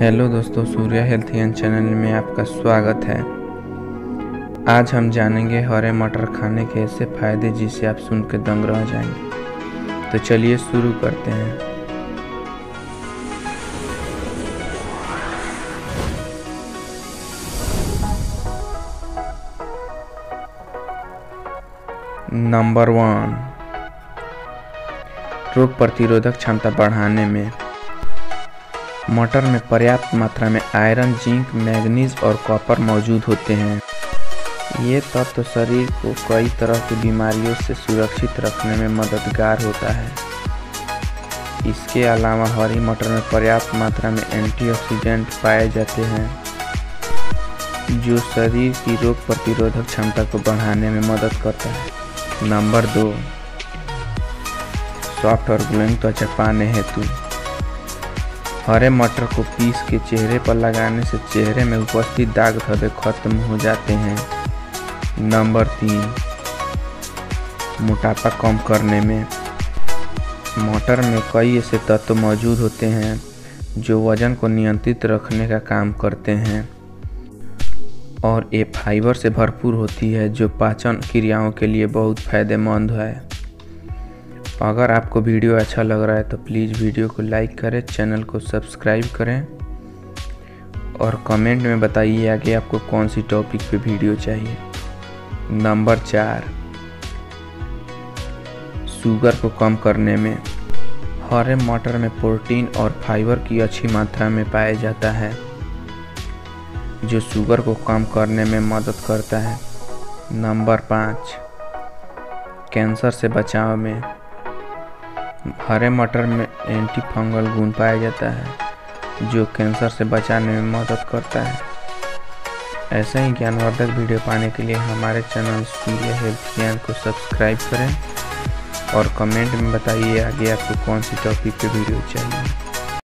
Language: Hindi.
हेलो दोस्तों सूर्या हेल्थ एंड चैनल में आपका स्वागत है आज हम जानेंगे हरे मटर खाने के ऐसे फायदे जिसे आप सुन के दंग रह जाएंगे तो चलिए शुरू करते हैं नंबर वन रोग प्रतिरोधक क्षमता बढ़ाने में मटर में पर्याप्त मात्रा में आयरन जिंक मैग्नीज और कॉपर मौजूद होते हैं ये तत्व तो शरीर को कई तरह की बीमारियों से सुरक्षित रखने में मददगार होता है इसके अलावा हरी मटर में पर्याप्त मात्रा में एंटीऑक्सीडेंट पाए जाते हैं जो शरीर की रोग प्रतिरोधक क्षमता को बढ़ाने में मदद करता है नंबर दो सॉफ्ट और ग्लोइंग त्वचा पाने हेतु हरे मटर को पीस के चेहरे पर लगाने से चेहरे में उपस्थित दाग धब्बे खत्म हो जाते हैं नंबर तीन मोटापा कम करने में मटर में कई ऐसे तत्व मौजूद होते हैं जो वजन को नियंत्रित रखने का काम करते हैं और ये फाइबर से भरपूर होती है जो पाचन क्रियाओं के लिए बहुत फायदेमंद है अगर आपको वीडियो अच्छा लग रहा है तो प्लीज़ वीडियो को लाइक करें चैनल को सब्सक्राइब करें और कमेंट में बताइए आगे आपको कौन सी टॉपिक पे वीडियो चाहिए नंबर चार शुगर को कम करने में हरे मटर में प्रोटीन और फाइबर की अच्छी मात्रा में पाया जाता है जो शुगर को कम करने में मदद करता है नंबर पाँच कैंसर से बचाव में हरे मटर में एंटी फंगल गुण पाया जाता है जो कैंसर से बचाने में मदद करता है ऐसे ही ज्ञानवर्धक वीडियो पाने के लिए हमारे चैनल सूर्य हेल्थ ज्ञान को सब्सक्राइब करें और कमेंट में बताइए आगे आपको कौन सी टॉपिक पे वीडियो चाहिए